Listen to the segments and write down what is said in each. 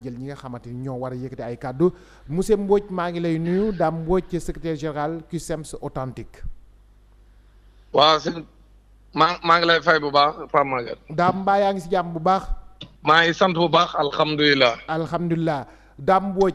jël ñi nga xamante ni ñoo war a yëkkati ay kàddu monsieur Mbodj maa ngi lay nuyu Dame Mbodj secrétaire général CUSEMS authentique waaw sëñ maa maa ngi lay fay bu baax Pape mbaa yaa ngi si jàmm bu baax maa ngi sant bu baax alhamdulilah alhamdulilah Dame Mbodj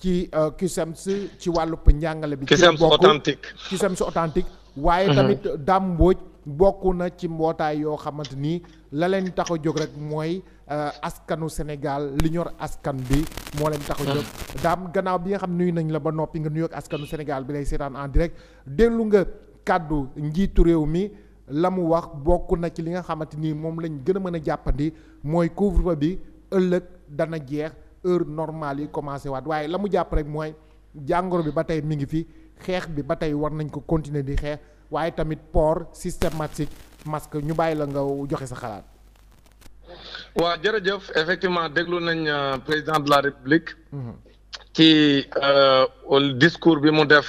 ci euh, CUSEMS ci wàllub njàngale bi CUSEMS authentique CUSEMS authentique mhm. waaye tamit Dame Mbodj bokk na ci mbootaay yoo xamante ni la leen tax jóg rek mooy euh, askanu Sénégal li ñor askan bi moo leen tax a jóg mm. daam gannaaw bi nga xam nuyu nañ la ba noppi nga nuyoog askanu Sénégal bi lay seetaan en direct dellu nga kàddu njiitu réew mi la mu wax bokk na ci li nga xamante ni moom lañ gën a mën a jàppandi mooy couvre bi ëllëg dana jeex heure normale yi commencé waat waaye la mu jàpp rek mooy jàngoro bi ba tey mi ngi fi xeex bi ba tey war nañ ko continuer di xeex waaye tamit port systématique masque ñu bàyyi la nga joxe sa xalaat. waaw jërëjëf effectivement déglu nañ euh, président de la république. Mhm. ci euh, discours bi mu def.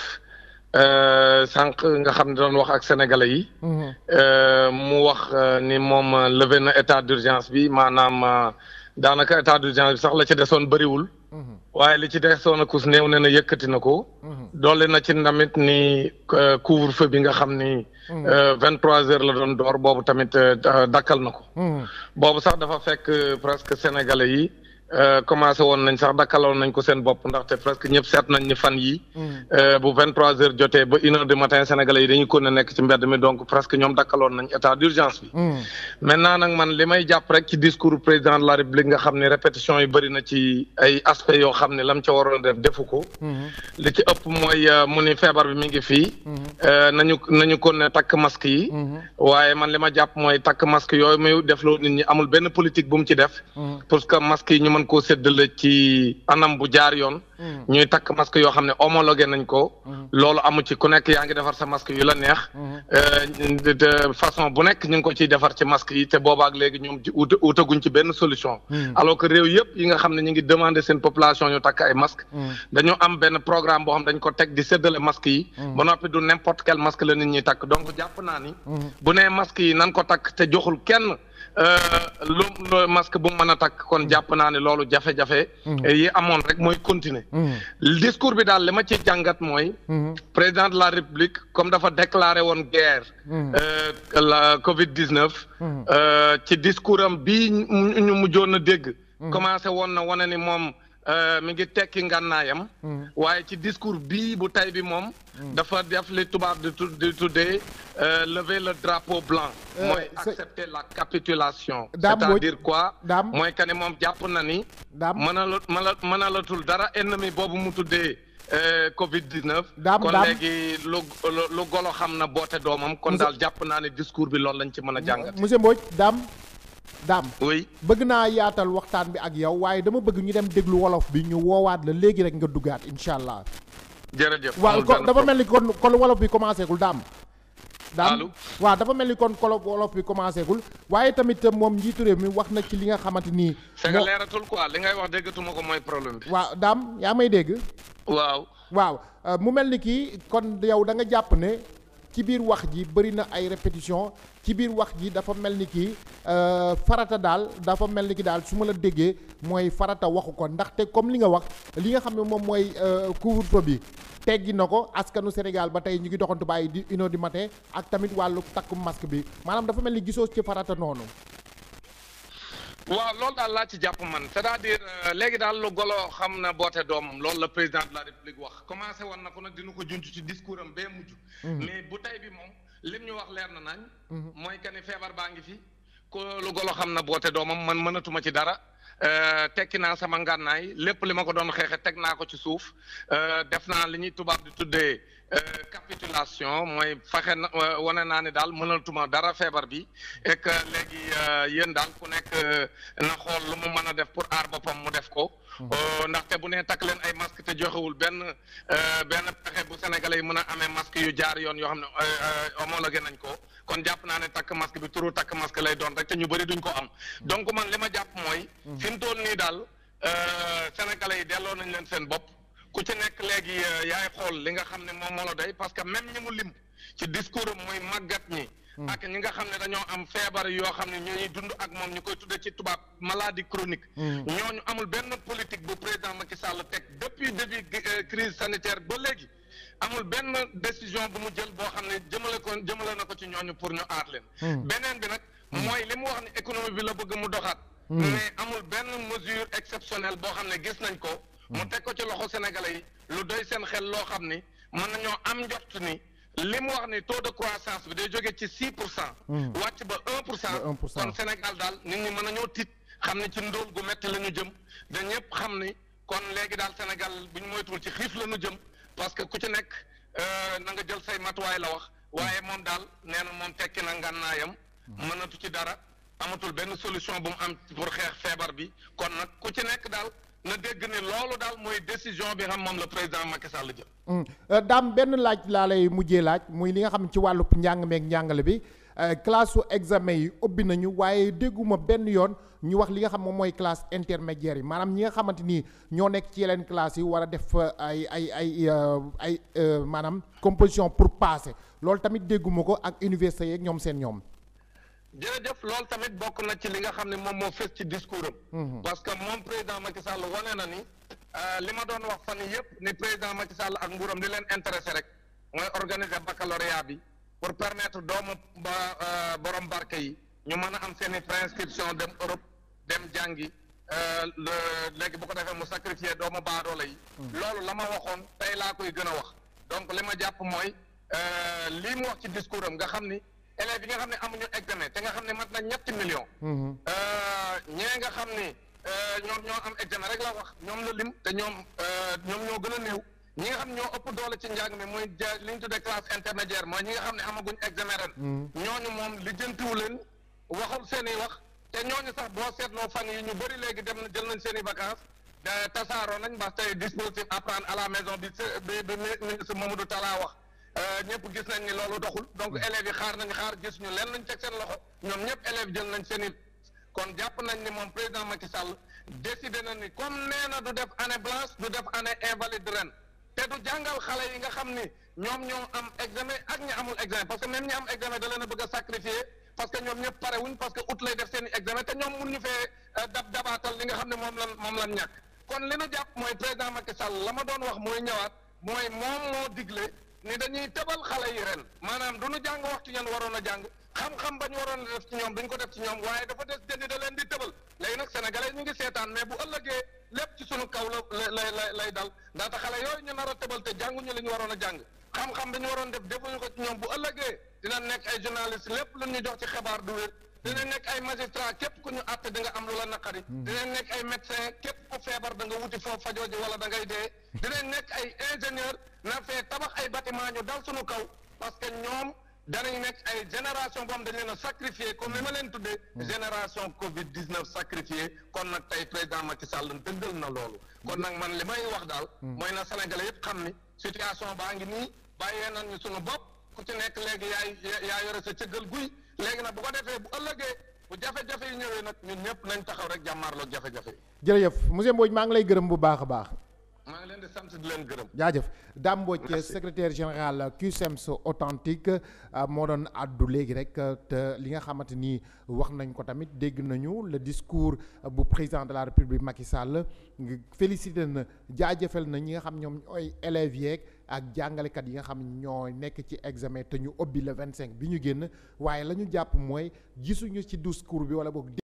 Euh, sànq nga xam ne doon wax ak sénégalais yi. Mhm. mu wax ni moom levé na état d'urgence bi maanaam daanaka état d'urgence bi sax la ci desoon bëriwul. waaye li ci desoon a kus néew ne na yëkkati na ko. doole na ci ndamit nii euh, couvre feu bi nga xam ni. Euh, vingt trois heures la doon door boobu tamit euh, dakkal na ko. Mm-hmm. boobu sax dafa fekk presque sénégalais yi. Euh, commencé woon nañ sax dakkaloon nañ ko seen bopp ndaxte presque ñëpp seet nañ ni fan yi mm. euh, bu vingt trois heures jotee ba une heure du matin sénégalais yi dañuy kon ne nekk ci mbedd mi donc presque ñoom dakkaloon nañ état d'urgence bi mm. maintenant nag man li may jàpp rek ci discours président de la république nga xam ne répétition yi bëri na ci ay aspects yoo xam ne lam ca waroon def defu ko mm-hmm. li ci ëpp mooy euh, mu ni feebar bi mi ngi fii mm-hmm. nañu nañu kon takk masque yi mm-hmm. waaye man li ma jàpp mooy takk masque yooyu muy def loo nit ñi amul benn politique bu mu ci def mën koo séddale ci anam bu jaar yoon. Hmm. ñuy takk masque yoo xam ne homologué nañ ko. Hmm. loolu amu ci ku nekk yaa ngi defar sa masque yu la neex. Hmm. Euh, de façon bu nekk ñu ngi ko ciy defar ci masque yi te boobaak léegi ñoom ci ut utaguñ ci benn solution. alors que réew yëpp yi nga xam ne ñu ngi demander seen population ñu takk ay masque dañoo am benn programme boo xam dañ ko teg di séddale masque yi. ba noppi du n'importe quel masque la nit ñi takk donc jàpp naa ni. bu nee masque yi nan ko takk te joxul Euh, lu masque bu mu mën a takk kon jàpp naa ne loolu jafe-jafe. Mm. yi amoon rek mooy continuer. Mm. discours bi daal li ma ci jàngat mooy. Mm. président de la république comme dafa déclaré woon guerre. Euh, la Covid 19. Euh, ci discours am bi ñu mujjoon a dégg. commencé woon na wane ni moom. Euh, mi ngi tekki ngànnaayam hmm. waaye ci discours bii bu tey bi moom hmm. dafa def li tubaab di di tuddee euh, lever le drapeau blanc euh, mooy accepter la capitulation c'est-à-dire quoi mooy que ne moom jàpp na ni mënala mëna mënalatul dara ennemi boobu mu tuddee covid 19 kon léegi lu lu golo xam na boote doomam kon daal jàpp naa ne discours bi loolu lañ ci mën a jàngat monsieur Mbodj Dame daam oui bëgg naa yaatal waxtaan bi ak yow waaye dama bëgg ñu dem déglu wolof bi ñu woowaat la léegi rek nga duggaat incha allah. jërëjëf waaw dafa mel ni kon kon wolof bi commencé gul daam. daam waaw dafa mel ni kon kolo wolof bi commencé gul waaye tamit moom njiitu réew mi wax na ci li nga xamante nii c'est que leeratul quoi li ngay wax déggatuma ko mooy problème bi waaw daam yaa may dégg waaw waaw euh, mu mel ni kii kon yow da nga jàpp ne ci biir wax ji bari na ay répétition ci biir wax ji dafa mel ni kii euh, farata daal dafa mel ni ki daal su ma la déggee mooy farata waxu ko ndaxte comme li nga wax li nga xam ne moom mooy euh, couvre bi teggi na ko askanu Sénégal ba tey ñu ngi doxantu bàyyi di une di mate ak tamit wàllu takk masque bi maanaam dafa mel ni gisoo ci farata noonu waaw loolu daal laa ci jàpp man c'est-à-dire euh, léegi daal lu golo xam na boote doomam loolu la président de la république wax commencé woon na ko nag dina ko junj ci discours am bee mujj. Mm-hmm. mais bu tey bi moom lim ñu wax leer na nañ. Mm-hmm. mooy que feebar baa ngi fi ko lu golo xam na boote doomam man mënatuma ci dara. Euh, tekki naa sama ngànnaay lépp li ma ko doon xeexee teg naa ko ci suuf euh, def naa li ñuy tubaab di tuddee. Euh, capitulation mooy faxe na wane naa ne daal mënatuma dara feebar bi et que léegi euh, yéen daal ku nekk euh, na xool lu mu mën a def pour aar boppam mu def ko. Hmm. ndaxte bu nee takk leen ay masque te joxewul benn benn pexe bu sénégalais yi mën a amee masque yu jaar yoon yoo xam ne homologué nañ ko kon jàpp naa ne takk masque bi turu takk masque lay doon rek te ñu bëri duñ ko am hmm. donc man li ma jàpp mooy. Hmm. fi mu nii daal sénégalais yi delloo nañ leen seen bopp. ku ci nekk léegi euh, yaay xool li nga xam ne moom moo la day parce que même ñi mu lim ci discours mooy màggat ñi. Hmm. ak ñi nga xam ne dañoo am feebar yoo xam ne ñooy dund ak moom ñu koy tuddee ci tubaab maladie chronique. Hmm. ñooñu amul benn politique bu président Macky Sall teg depuis début euh, crise sanitaire ba léegi amul benn décision bu mu jël boo xam ne jëmale ko jëmale na ko ci ñooñu pour ñu aar leen. Hmm. beneen bi nag mooy li mu wax ne économie bi la bëgg mu doxaat. mais amul benn mesure exceptionnelle boo xam ne gis nañ ko. mu teg ko ci loxo sénégalais yi lu doy seen xel loo xam ni mën na ñoo am njort ni li mu wax ni taux de croissance bi day jóge ci six pour cent hmm. wàcc ba un pour cent kon Sénégal daal nit ñi mën nañoo tiit xam ne ci ndóol gu metti la ñu jëm da ñëpp xam ni kon léegi daal Sénégal bu ñu moytuwul ci xiif la ñu jëm parce que ku ci nekk euh, na nga jël say matuwaay la wax waaye moom daal nee na moom tekki na ngànnaayam hmm. mënatu ci dara amatul benn solution bu mu am pour xeex feebar bi kon nag ku ci nekk daal na dégg ne loolu daal mooy décision bi xam moom la président Macky Sall jël. Mm. Euh, daam benn laaj laa lay mujjee laaj muy li nga xam ci wàllu njàng meeg njàngale bi euh, classe su examen yi ubbi nañu waaye dégguma benn yoon ñu wax li nga xam moom mooy classe intermédiaire yi maanaam ñi nga xamante ni ñoo nekk ci yeneen classe yi war a def euh, ay ay ay ay maanaam composition pour passer loolu tamit dégguma ko ak université yeeg ñoom seen ñoom. jërëjëf loolu tamit bokk na ci li nga xam ne moom moo fës ci discours am. Mhm. parce que moom président Macky Sall wane na ni euh, li ma doon wax fa fan yëpp ni président Macky Sall ak nguuram li leen intéressé rek mooy organiser baccalauréat bi pour permettre doomu ba euh, borom barke yi ñu mën a am seen i préinscription dem Europe dem jàngi euh, léegi bu ko defee mu sacrifier doomu baadoola yi. Mhm. loolu la ma waxoon tey laa koy gën a wax donc li ma jàpp mooy lii mu wax ci discours am nga xam ni. élèves bi nga xam ne amuñu examen te nga xam ne mat na ñetti millions. Mhm. Euh, ñee nga xam ne euh, ñoom ñoo am examen rek la wax ñoom la lim te ñoom euh, ñoom ñoo gën a néew ñi nga xam ñoo ëpp doole ci njaag mi muy ja li ñu tuddee classe intermédiaire mooy ñi nga xam ne amaguñ examen ren. Mhm. ñooñu moom li jëntuwu leen waxul seen i wax te ñooñu sax boo seetloo fan yi ñu bëri léegi dem na jël nañ seen i vacances. tasaaroo nañ mbax tey dispositif apprendre à la maison bi bi ministre Mamadou Euh, ñëpp gis nañ ni loolu doxul donc hmm. élèves yi xaar nañ xaar gis ñu leen lañ teg seen loxo ñoom ñëpp élèves jël nañ seen kon jàpp nañ ni moom président Macky Sall décidé na ni comme nee du def année blanche du def année invalide ren te du jàngal xale yi nga xam ni ñoom ñoo am examen ak ñi amul examen parce que même ñi am examen da leen a a sacrifier parce que ñoom ñëpp pare wuñ parce que août lay def seen examen te ñoom mun ñu fee euh, dab dabaatal li nga xam la ma doon wax mooy ni dañuy tebal xale yi ren maanaam du ñu jàng waxtu yan waroon a jàng xam-xam ba ñu waroon a def ci ñoom duñ ko def ci ñoom waaye dafa des jënd da leen di tëbal léegi nag sénégalais ñu ngi seetaan mais bu ëllëgee lépp ci sunu kaw la lay lay lay dal ndaxte xale yooyu ñu nar a te jànguñu li ñu waroon a jàng xam-xam bi ñu waroon def defuñu ko ci ñoom bu ëllëgee dina nekk ay journaliste lépp lu ñu jox ci xabaar du wér dina nekk ay magistrat képp ku ñu àtte da nga am lu la naqari hmm. dina nekk ay médecin képp ku feebar da nga wuti foofu fajoo ji wala da ngay dee hmm. dina nekk ay ingénieur na fee tabax ay bâtiment ñu dal suñu kaw parce que ñoom danañ nekk ay génération boo xam na leen comme ni ma leen tuddee hmm. génération covid dix neuf sacrifié kon nag tey président Macky te dëggal na loolu kon nag man li may wax daal mooy na sénégal yëpp xam ni situation baa ngi nii bàyyee nañ ñu suñu bopp ci nekk léegi yaay yaa yore sa cëggal guy léegi nag bu ko defee bu ëllëgee bu jafe-jafe yi ñëwee nag ñun ñëpp nañ taxaw rek jàmmaarloog jafe-jafe yi. jërëjëf monsieur Mbodj maa ngi lay gërëm bu baax a baax. maa ngi leen di sant di leen gërëm. jaajëf Dame Mbodj secrétaire général CUSEMS e authentique ah, moo doon àddu léegi rek ah, te li nga xamante ni wax nañ ko tamit dégg nañu le discours ah, bu président de la république Macky Sall félicité na jaajëfal na ñi nga xam ñoom ñooy élèves yeeg. ak jàngalekat yi nga xam ñoo nekk ci examen te ñu ubbi le vingt cinq bi ñu génn waaye la ñu jàpp mooy gisuñu ci cour bi wala boog